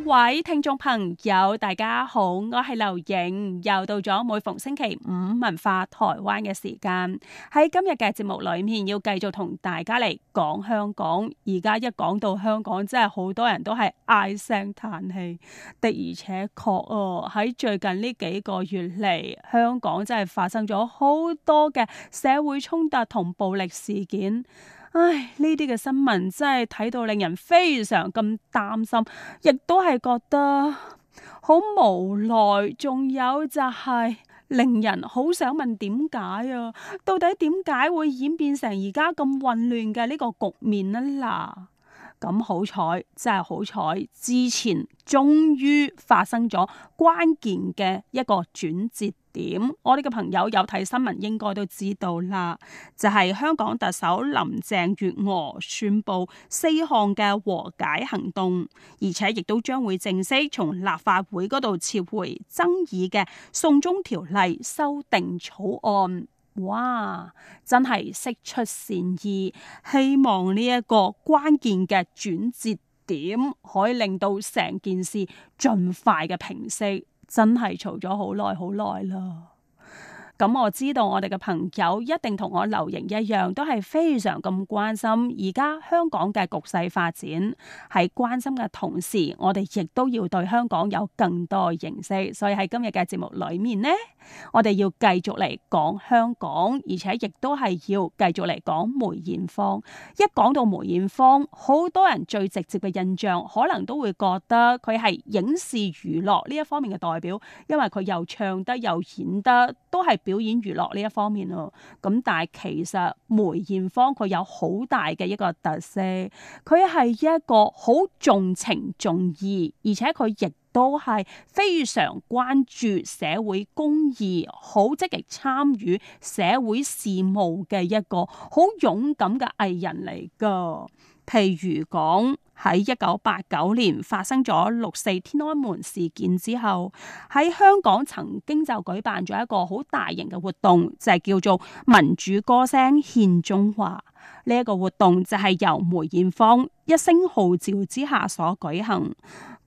各位聽眾朋友，大家好，我係劉影，又到咗每逢星期五文化台灣嘅時間。喺今日嘅節目裏面，要繼續同大家嚟講香港。而家一講到香港，真係好多人都係唉聲嘆氣，的而且確啊，喺最近呢幾個月嚟，香港真係發生咗好多嘅社會衝突同暴力事件。唉，呢啲嘅新聞真係睇到令人非常咁擔心，亦都係覺得好無奈，仲有就係令人好想問，點解啊？到底點解會演變成而家咁混亂嘅呢個局面吖？啦～咁好彩，真係好彩，之前終於發生咗關鍵嘅一個轉折點。我哋嘅朋友有睇新聞應該都知道啦，就係、是、香港特首林鄭月娥宣布四項嘅和解行動，而且亦都將會正式從立法會嗰度撤回爭議嘅送中條例修訂草案。哇！真係釋出善意，希望呢一個關鍵嘅轉折點可以令到成件事盡快嘅平息。真係嘈咗好耐好耐啦～咁我知道我哋嘅朋友一定同我留言一樣，都係非常咁關心而家香港嘅局勢發展。喺關心嘅同時，我哋亦都要對香港有更多認識。所以喺今日嘅節目裏面呢，我哋要繼續嚟講香港，而且亦都係要繼續嚟講梅艷芳。一講到梅艷芳，好多人最直接嘅印象可能都會覺得佢係影視娛樂呢一方面嘅代表，因為佢又唱得又演得都係。表演娛樂呢一方面咯，咁但係其實梅艷芳佢有好大嘅一個特色，佢係一個好重情重義，而且佢亦都係非常關注社會公義，好積極參與社會事務嘅一個好勇敢嘅藝人嚟㗎。譬如講。喺一九八九年發生咗六四天安門事件之後，喺香港曾經就舉辦咗一個好大型嘅活動，就係叫做民主歌聲獻中華呢一個活動，就係由梅艷芳一聲號召之下所舉行。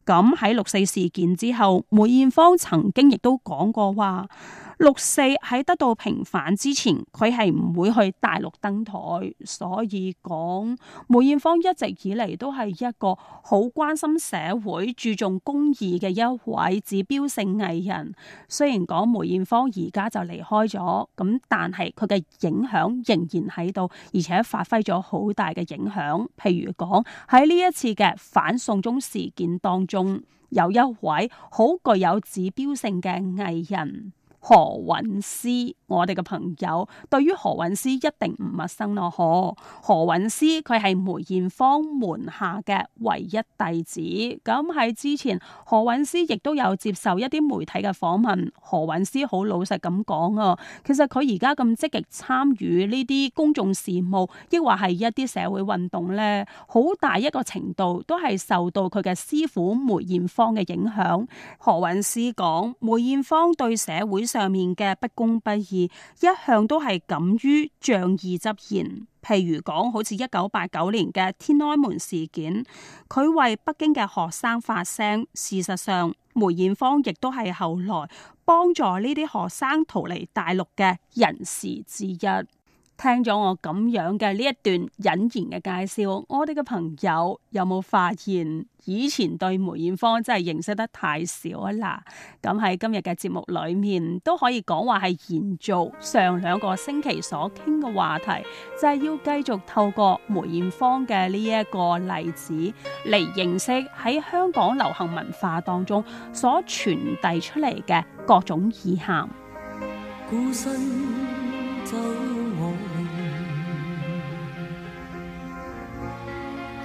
咁喺六四事件之後，梅艷芳曾經亦都講過話。六四喺得到平反之前，佢係唔會去大陸登台，所以講梅艷芳一直以嚟都係一個好關心社會、注重公義嘅一位指標性藝人。雖然講梅艷芳而家就離開咗咁，但係佢嘅影響仍然喺度，而且發揮咗好大嘅影響。譬如講喺呢一次嘅反送中事件當中，有一位好具有指標性嘅藝人。何韻詩，我哋嘅朋友，對於何韻詩一定唔陌生咯。何何韻詩佢係梅艷芳門下嘅唯一弟子。咁喺之前，何韻詩亦都有接受一啲媒體嘅訪問。何韻詩好老實咁講啊，其實佢而家咁積極參與呢啲公眾事務，抑或係一啲社會運動咧，好大一個程度都係受到佢嘅師傅梅艷芳嘅影響。何韻詩講，梅艷芳對社會上面嘅不公不義，一向都係敢於仗義執言。譬如講，好似一九八九年嘅天安門事件，佢為北京嘅學生發聲。事實上，梅艷芳亦都係後來幫助呢啲學生逃離大陸嘅人士之一。聽咗我咁樣嘅呢一段隱言嘅介紹，我哋嘅朋友有冇發現以前對梅艷芳真係認識得太少啦？咁喺今日嘅節目裏面都可以講話係延續上兩個星期所傾嘅話題，就係要繼續透過梅艷芳嘅呢一個例子嚟認識喺香港流行文化當中所傳遞出嚟嘅各種意涵。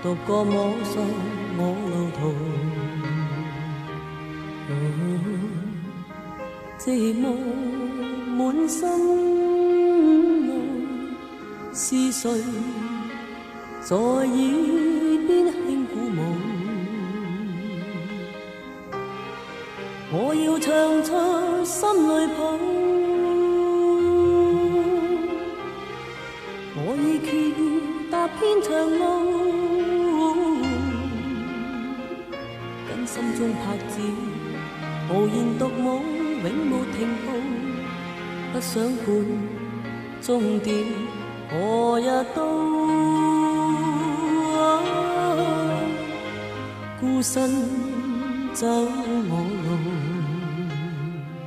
獨個摸索我路途，嗯，寂寞滿心內，是誰在耳邊輕鼓舞？我要唱出心裏譜，我已決意踏遍長路。中拍照，無言獨舞，永無停步，不想管終點，何日到來，啊，孤身走。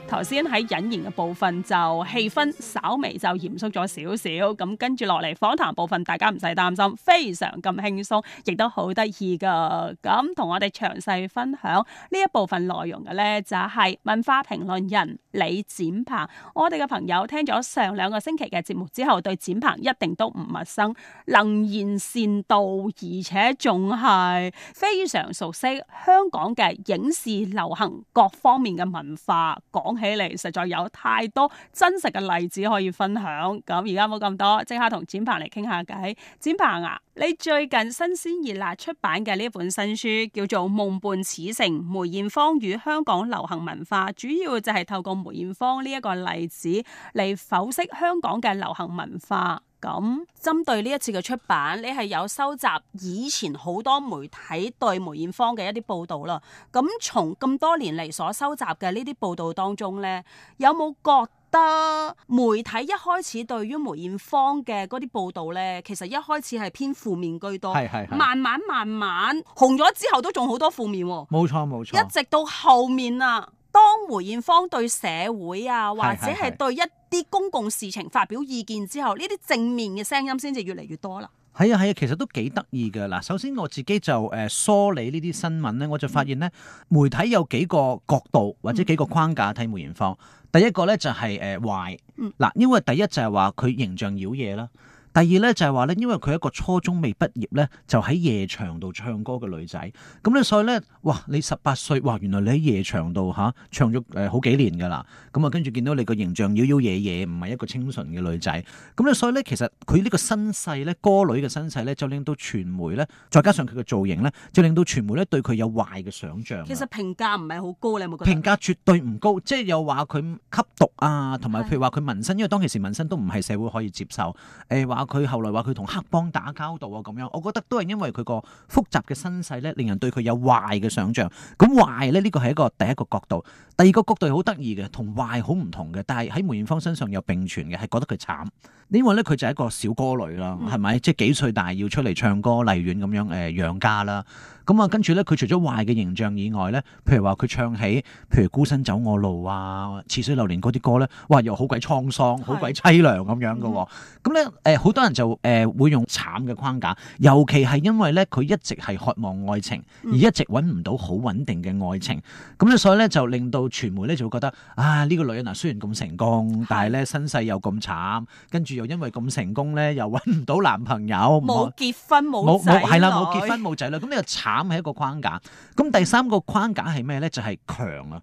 頭先喺隱形嘅部分就氣氛稍微就嚴肅咗少少，咁跟住落嚟訪談部分，大家唔使擔心，非常咁輕鬆，亦都好得意㗎。咁同我哋詳細分享呢一部分內容嘅呢，就係文化評論人李展鵬。我哋嘅朋友聽咗上兩個星期嘅節目之後，對展鵬一定都唔陌生，能言善道，而且仲係非常熟悉香港嘅影視、流行各方面嘅文化講起嚟，實在有太多真實嘅例子可以分享。咁而家冇咁多，即刻同展鵬嚟傾下偈。展鵬啊，你最近新鮮熱辣出版嘅呢一本新書叫做《夢伴此城：梅艷芳與香港流行文化》，主要就係透過梅艷芳呢一個例子嚟剖析香港嘅流行文化。咁針對呢一次嘅出版，你係有收集以前好多媒體對梅艷芳嘅一啲報道啦。咁從咁多年嚟所收集嘅呢啲報道當中呢，有冇覺得媒體一開始對於梅艷芳嘅嗰啲報道呢，其實一開始係偏負面居多？係係係。慢慢慢慢紅咗之後都仲好多負面，哦，冇錯冇錯，錯一直到後面啊。當梅艷芳對社會啊，或者係對一啲公共事情發表意見之後，呢啲正面嘅聲音先至越嚟越多啦。係啊係啊，其實都幾得意㗎。嗱，首先我自己就誒梳理呢啲新聞咧，嗯、我就發現咧，媒體有幾個角度或者幾個框架睇梅艷芳。第一個咧就係誒壞，嗱、呃，因為第一就係話佢形象妖嘢啦。第二咧就係話咧，因為佢一個初中未畢業咧，就喺夜場度唱歌嘅女仔，咁咧所以咧，哇！你十八歲，哇！原來你喺夜場度嚇、啊、唱咗誒好幾年㗎啦，咁啊跟住見到你個形象妖妖野野，唔係一個清純嘅女仔，咁咧所以咧，其實佢呢個身世咧，歌女嘅身世咧，就令到傳媒咧，再加上佢嘅造型咧，就令到傳媒咧對佢有壞嘅想像。其實評價唔係好高，你有冇感覺？評價絕對唔高，即係又話佢吸毒啊，同埋譬如話佢紋身，的因為當其時紋身都唔係社會可以接受，誒、欸、話。啊！佢後來話佢同黑幫打交道啊，咁樣，我覺得都係因為佢個複雜嘅身世咧，令人對佢有壞嘅想像。咁壞咧，壞呢、呢個係一個第一個角度，第二個角度好得意嘅，壞同壞好唔同嘅，但係喺梅艷芳身上又並存嘅，係覺得佢慘。因為咧佢就係一個小歌女啦，係咪？即係幾歲大要出嚟唱歌、荔園咁樣誒養家啦。咁啊，跟住咧佢除咗壞嘅形象以外咧，譬如話佢唱起譬如孤身走我路啊、似水流年嗰啲歌咧，哇又好鬼滄桑、好鬼淒涼咁樣嘅、啊。咁咧誒好多人就誒、呃、會用慘嘅框架，尤其係因為咧佢一直係渴望愛情，而一直揾唔到好穩定嘅愛情。咁咧、嗯、所以咧就令到傳媒咧就會覺得啊呢、這個女人啊雖然咁成功，但係咧身世又咁慘跟住。又因為咁成功咧，又揾唔到男朋友，冇結婚冇冇係啦，冇結婚冇仔女，咁呢個慘係一個框架。咁第三個框架係咩咧？就係，嗯，強啊！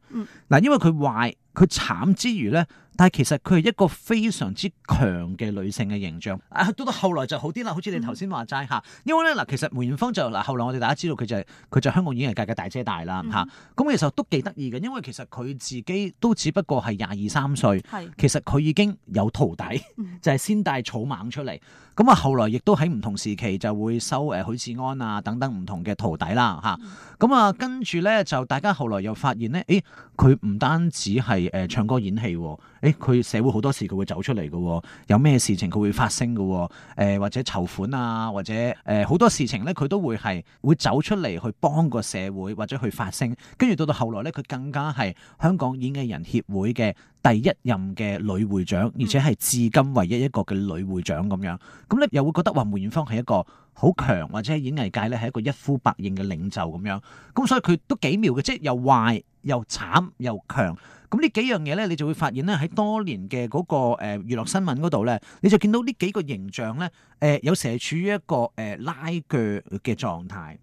嗱，因為佢壞。佢慘之餘咧，但係其實佢係一個非常之強嘅女性嘅形象。啊，到到後來就好啲啦，好似你頭先話齋嚇。嗯、因為咧嗱，其實梅艷芳就嗱，後來我哋大家知道佢就係、是、佢就香港演藝界嘅大姐大啦嚇。咁、嗯啊、其實都幾得意嘅，因為其實佢自己都只不過係廿二三歲，是其實佢已經有徒弟，就係、嗯、 先帶草蜢出嚟。咁啊，後來亦都喺唔同時期就會收誒許志安啊等等唔同嘅徒弟啦，嚇！咁啊，跟住咧就大家後來又發現咧，誒佢唔單止係誒、呃、唱歌演戲，啊。誒，佢社會好多時，佢會走出嚟嘅、哦，有咩事情佢會發聲嘅、哦，誒、呃、或者籌款啊，或者誒好、呃、多事情呢佢都會係會走出嚟去幫個社會或者去發聲，跟住到到後來呢，佢更加係香港演藝人協會嘅第一任嘅女會長，而且係至今唯一一個嘅女會長咁樣。咁你又會覺得話梅艷芳係一個好強或者演藝界呢係一個一呼百應嘅領袖咁樣。咁所以佢都幾妙嘅，即係又壞又慘又強。咁呢幾樣嘢咧，你就會發現咧，喺多年嘅個誒娛樂新聞度咧，你就見到呢幾個形象咧，誒、呃、有時係處於一個誒、呃、拉鋸嘅狀態。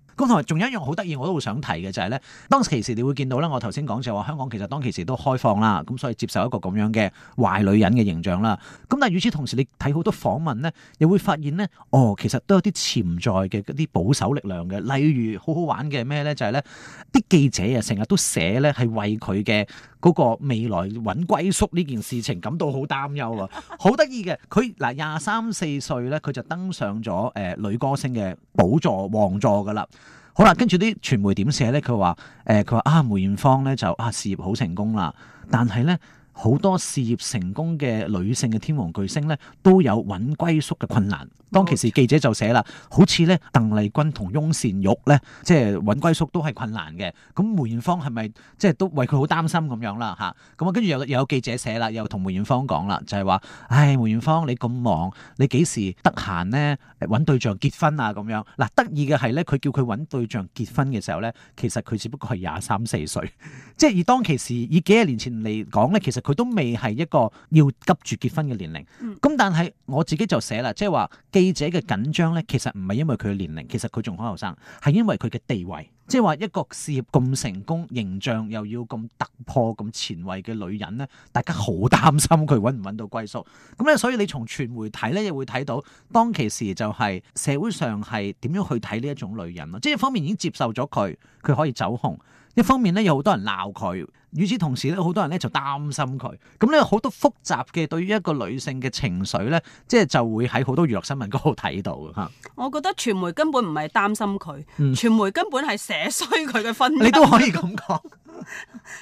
仲有一樣好得意，我都好想提嘅就係呢。當其時你會見到呢，我頭先講就話香港其實當其時都開放啦，咁所以接受一個咁樣嘅壞女人嘅形象啦。咁但係與此同時，你睇好多訪問呢，又會發現呢，哦，其實都有啲潛在嘅啲保守力量嘅。例如好好玩嘅咩呢？就係呢啲記者啊，成日都寫呢係為佢嘅嗰個未來揾歸宿呢件事情感到好擔憂啊！好得意嘅，佢嗱廿三四歲呢，佢就登上咗誒女歌星嘅寶座王座噶啦。好啦，跟住啲傳媒點寫咧？佢話，誒佢話啊，梅艷芳咧就啊事業好成功啦，但係咧。好多事業成功嘅女性嘅天王巨星咧，都有揾歸宿嘅困難。當其時記者就寫啦，好似咧鄧麗君同翁倩玉咧，即係揾歸宿都係困難嘅。咁梅艷芳係咪即係都為佢好擔心咁樣啦？嚇，咁啊，跟住又，又有記者寫啦，又同梅艷芳講啦，就係話：唉，梅艷芳你咁忙，你幾時得閒呢？揾對象結婚啊？咁樣嗱，得意嘅係咧，佢叫佢揾對象結婚嘅時候咧，其實佢只不過係廿三四歲，即係以當其時以幾廿年前嚟講咧，其實。佢都未係一個要急住結婚嘅年齡，咁但係我自己就寫啦，即係話記者嘅緊張呢，其實唔係因為佢嘅年齡，其實佢仲係學生好後生，係因為佢嘅地位，即係話一個事業咁成功、形象又要咁突破、咁前衛嘅女人呢，大家好擔心佢揾唔揾到歸宿，咁咧所以你從傳媒睇呢，亦會睇到當其時就係社會上係點樣去睇呢一種女人咯，即係一方面已經接受咗佢，佢可以走紅，一方面呢，有好多人鬧佢。與此同時咧，好多人咧就擔心佢。咁咧好多複雜嘅對於一個女性嘅情緒咧，即係就會喺好多娛樂新聞嗰度睇到。嚇，我覺得傳媒根本唔係擔心佢，嗯、傳媒根本係寫衰佢嘅婚姻。你都可以咁講，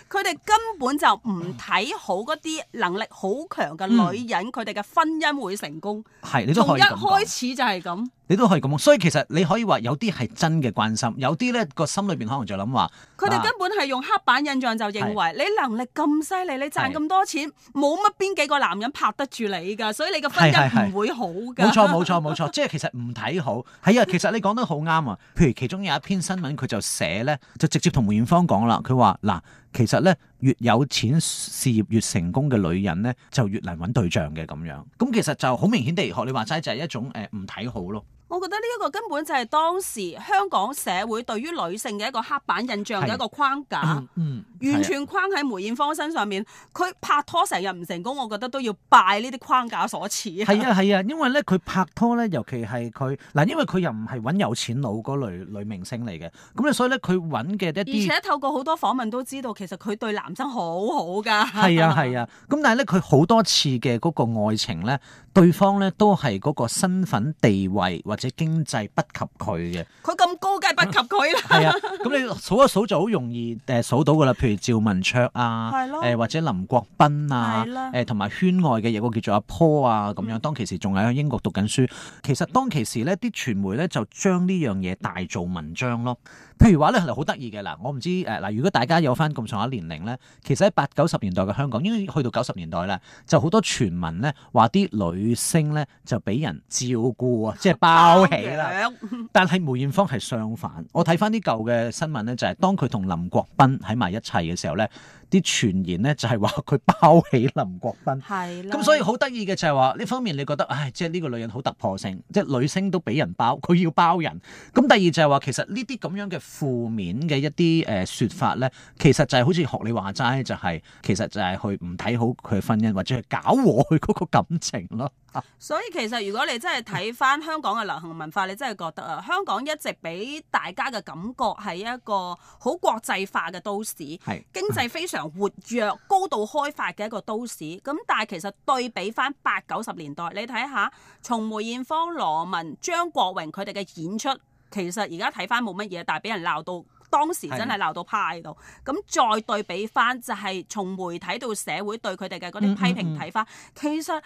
佢哋 根本就唔睇好嗰啲能力好強嘅女人，佢哋嘅婚姻會成功。係、嗯，你都可以咁講。從一開始就係咁，你都可以咁講。所以其實你可以話有啲係真嘅關心，有啲咧個心裏邊可能就諗話，佢哋根本係用黑板印象就認為。你能力咁犀利，你賺咁多錢，冇乜邊幾個男人拍得住你噶，所以你個婚姻唔會好噶。冇錯冇錯冇錯，錯錯錯 即係其實唔睇好。係啊，其實你講得好啱啊。譬如其中有一篇新聞，佢就寫咧，就直接同梅艷芳講啦，佢話嗱，其實咧越有錢事業越成功嘅女人咧，就越難揾對象嘅咁樣。咁其實就好明顯地，學你話齋，就係、是、一種誒唔睇好咯。我覺得呢一個根本就係當時香港社會對於女性嘅一個黑板印象嘅一個框架，嗯嗯、完全框喺梅艷芳身上面。佢拍拖成日唔成功，我覺得都要拜呢啲框架所賜。係啊係啊，因為咧佢拍拖咧，尤其係佢嗱，因為佢又唔係揾有錢佬嗰類女明星嚟嘅，咁咧所以咧佢揾嘅一啲，而且透過好多訪問都知道，其實佢對男生好好㗎。係啊係啊，咁但係咧佢好多次嘅嗰個愛情咧，對方咧都係嗰個身份地位或或者經濟不及佢嘅，佢咁高梗係不及佢啦。係 啊，咁你數一數就好容易誒、呃、數到噶啦。譬如趙文卓啊，誒咯、呃、或者林國斌啊，誒同埋圈外嘅嘢，我叫做阿坡啊咁樣。嗯、當其時仲喺英國讀緊書，其實當其時咧，啲傳媒咧就將呢樣嘢大做文章咯。譬如話咧，係好得意嘅嗱，我唔知誒嗱、呃，如果大家有翻咁長嘅年齡咧，其實喺八九十年代嘅香港，應該去到九十年代咧，就好多傳聞咧，話啲女星咧就俾人照顧啊，即係包起啦。 但係梅艷芳係相反，我睇翻啲舊嘅新聞咧，就係、是、當佢同林國斌喺埋一齊嘅時候咧。啲傳言咧就係話佢包起林國斌，咁係啦，所以好得意嘅就係話呢方面，你覺得唉，即係呢個女人好突破性，即係女星都俾人包，佢要包人。咁第二就係話其實呢啲咁樣嘅負面嘅一啲誒説法咧，其實就係好似學你話齋、就係，就係其實就係去唔睇好佢婚姻，或者係搞和佢嗰個感情咯。啊、所以其實如果你真係睇翻香港嘅流行文化，你真係覺得啊，香港一直俾大家嘅感覺係一個好國際化嘅都市，是經濟非常活躍、高度開發嘅一個都市。咁但係其實對比翻八九十年代，你睇下從梅艷芳、羅文、張國榮佢哋嘅演出，其實而家睇翻冇乜嘢，但係俾人鬧到。當時真係鬧到派到咁，的再對比翻就係從媒體到社會對佢哋嘅嗰啲批評睇翻，嗯嗯嗯，其實香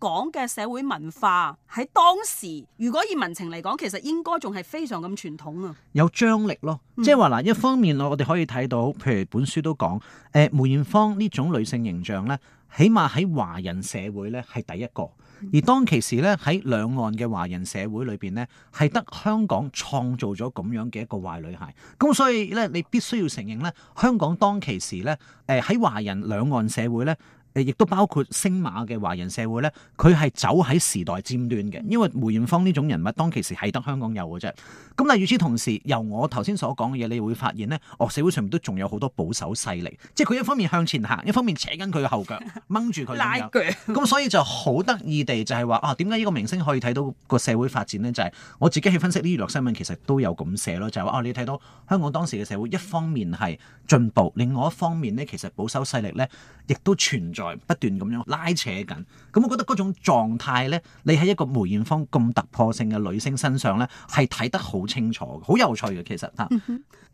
港嘅社會文化喺當時，如果以民情嚟講，其實應該仲係非常咁傳統啊，有張力咯，即係話嗱，一方面我哋可以睇到，譬如本書都講，誒、呃、梅艷芳呢種女性形象咧，起碼喺華人社會咧係第一個。而當其時咧，喺兩岸嘅華人社會裏邊咧，係得香港創造咗咁樣嘅一個壞女孩。咁所以咧，你必須要承認咧，香港當其時咧，誒、呃、喺華人兩岸社會咧，亦都包括星馬嘅華人社會咧，佢係走喺時代尖端嘅，因為梅艷芳呢種人物，當其時係得香港有嘅啫。咁但係與此同時，由我頭先所講嘅嘢，你會發現咧，哦，社會上面都仲有好多保守勢力，即係佢一方面向前行，一方面扯緊佢嘅後腳，掹住佢，拉佢。咁所以就好得意地就係話，啊，點解呢個明星可以睇到個社會發展咧？就係我自己去分析啲娛樂新聞，其實都有咁寫咯，就係話，啊，你睇到香港當時嘅社會，一方面係進步，另外一方面咧，其實保守勢力咧亦都存在。不斷咁樣拉扯緊，咁我覺得嗰種狀態呢，你喺一個梅艷芳咁突破性嘅女星身上呢，係睇得好清楚，好有趣嘅其實吓。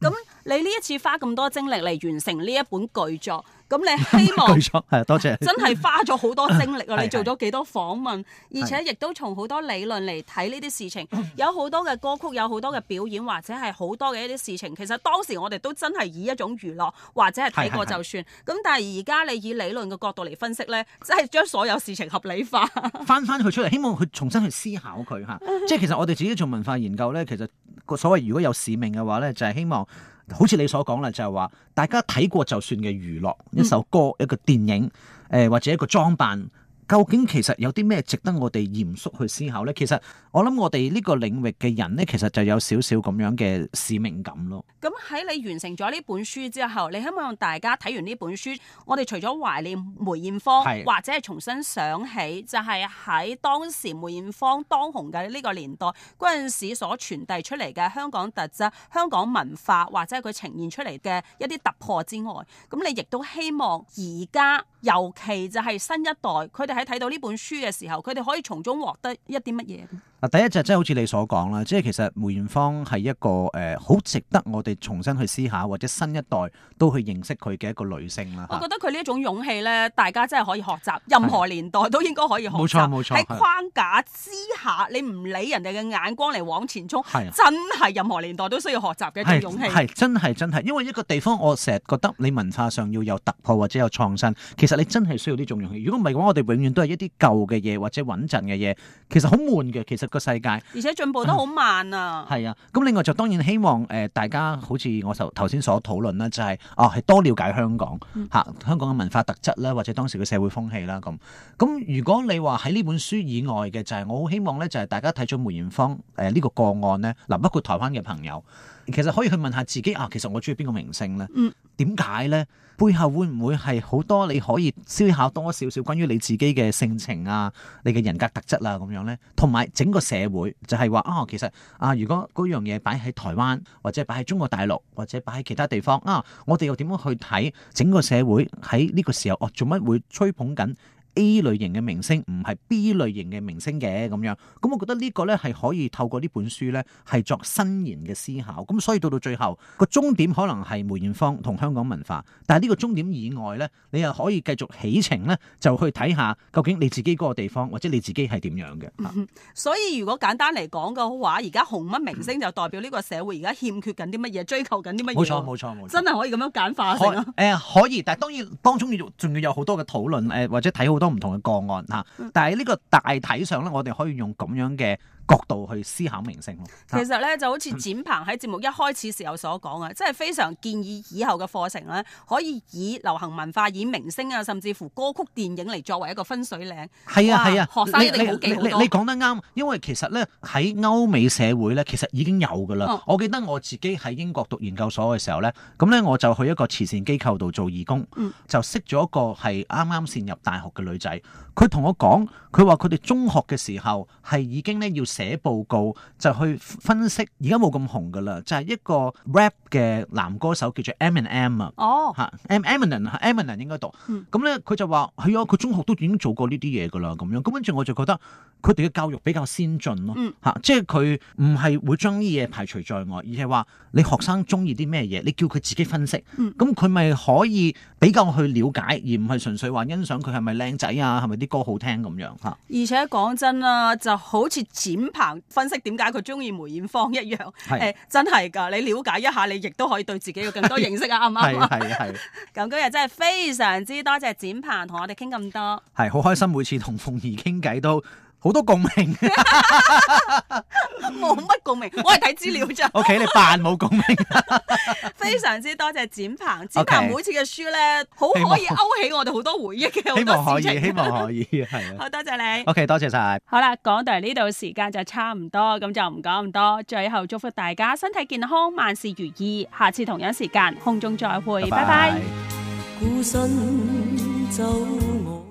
咁你呢一次花咁多精力嚟完成呢一本巨作，咁你希望？冇錯多謝。真係花咗好多精力咯， 的你做咗幾多訪問，的而且亦都從好多理論嚟睇呢啲事情。的有好多嘅歌曲，有好多嘅表演，或者係好多嘅一啲事情。其實當時我哋都真係以一種娛樂，或者係睇過就算。咁的但係而家你以理論嘅角度嚟分析呢，即係將所有事情合理化。翻翻佢出嚟，希望佢重新去思考佢嚇。 即係其實我哋自己做文化研究呢，其實個所謂如果有使命嘅話呢，就係、是、希望。好似你所講啦，就係話大家睇過就算嘅娛樂，一首歌、一個電影，誒或者一個裝扮。究竟其實有啲咩值得我哋嚴肅去思考咧？其實我諗我哋呢個領域嘅人咧，其實就有少少咁樣嘅使命感咯。咁喺你完成咗呢本書之後，你希望大家睇完呢本書，我哋除咗懷念梅艷芳，是或者係重新想起，就係、是、喺當時梅艷芳當紅嘅呢個年代嗰陣時所傳遞出嚟嘅香港特質、香港文化，或者係佢呈現出嚟嘅一啲突破之外，咁你亦都希望而家，尤其就係新一代佢哋。喺睇到呢本書嘅時候，佢哋可以從中獲得一啲乜嘢？嗱，第一隻即係好似你所講啦，即係其實梅艷芳係一個誒好值得我哋重新去思考，或者新一代都去認識佢嘅一個女性啦。我覺得佢呢一種勇氣呢，大家真係可以學習，任何年代都應該可以學。冇錯冇錯，喺框架之下，你唔理人哋嘅眼光嚟往前衝，係真係任何年代都需要學習嘅一種勇氣，係真係真係。因為一個地方，我成日覺得你文化上要有突破或者有創新，其實你真係需要呢種勇氣。如果唔係嘅話，我哋永都係一啲舊嘅嘢，或者穩陣嘅嘢，其實好悶嘅。其實個世界而且進步得好慢啊。係、嗯、啊，咁另外就當然希望誒，大家好似我就頭先所討論啦，就係、是、哦、係、啊、多了解香港吓、嗯啊，香港嘅文化特質啦，或者當時嘅社會風氣啦，咁咁。如果你話喺呢本書以外嘅，就係、是、我好希望咧，就係、是、大家睇咗梅艷芳誒呢個個案咧，嗱，包括台灣嘅朋友。其實可以去問下自己啊，其實我中意邊個明星呢？點解呢？背後會唔會係好多你可以思考多少少關於你自己嘅性情啊、你嘅人格特質啊咁樣呢？同埋整個社會就係話啊，其實啊，如果嗰樣嘢擺喺台灣，或者擺喺中國大陸，或者擺喺其他地方啊，我哋又點樣去睇整個社會喺呢個時候哦？啊，做乜會吹捧緊？A 類型嘅明星唔係 B 類型嘅明星嘅咁樣，咁我覺得呢個呢係可以透過呢本書呢係作新研嘅思考。咁所以到到最後，個終點可能係梅艷芳同香港文化，但係呢個終點以外呢，你又可以繼續起程呢，就去睇下究竟你自己嗰個地方或者你自己係點樣嘅、嗯。所以如果簡單嚟講嘅話，而家紅乜明星就代表呢個社會而家欠缺緊啲乜嘢，追求緊啲乜嘢？冇錯冇錯冇錯，錯錯真係可以咁樣簡化成、呃。可以，但係當然當中仲要有好多嘅討論誒、呃，或者睇好多。多唔同嘅個案吓，但係喺呢個大體上咧，我哋可以用咁樣嘅。角度去思考明星咯。其實咧就好似展鵬喺節目一開始時候所講啊，即係 非常建議以後嘅課程咧，可以以流行文化、以明星啊，甚至乎歌曲、電影嚟作為一個分水嶺。係啊係啊，哇啊學生一定好幾好多。你講得啱，因為其實咧喺歐美社會咧，其實已經有㗎啦。哦、我記得我自己喺英國讀研究所嘅時候咧，咁咧我就去一個慈善機構度做義工，嗯、就識咗一個係啱啱先入大學嘅女仔。佢同我講，佢話佢哋中學嘅時候係已經咧要寫報告就是，去分析，而家冇咁紅噶啦，就係、是，一個 rap 嘅男歌手叫做 M and M, 噢 Eminem 啊，吓 Eminem，Eminem 應該讀，咁咧佢就話係啊，佢、嗯、中學都已經做過呢啲嘢噶啦咁樣，咁跟住我就覺得佢哋嘅教育比較先進咯，吓，嗯、即係佢唔係會將呢嘢排除在外，而係話你學生中意啲咩嘢，你叫佢自己分析，咁佢咪可以比較去了解而純、是、是、是，而唔係純粹話欣賞佢係咪靚仔啊，係咪啲歌好聽咁樣吓，而且講真啦，就好似展鵬分析點解佢中意梅艷芳一樣，誒的、欸，真係噶，你了解一下，你亦都可以對自己有更多認識啊，啱唔啱？係啊係啊，咁今日真係非常之多謝展鵬同我哋傾咁多，係好開心每次同鳳儀傾偈都。好多共鳴，冇 乜 共鳴，我係睇資料咋。 o、okay, K，你扮冇共鳴。 非常之多謝展鵬、展鵬 Okay. 每次嘅書咧，好可以勾起我哋好多回憶嘅。希望， 希望可以，希望可以，係好多謝你。O、okay, K，多謝晒。好啦，講到呢度時間就差唔多，咁就唔講咁多。最後祝福大家身體健康，萬事如意。下次同一時間空中再會，拜拜。拜拜。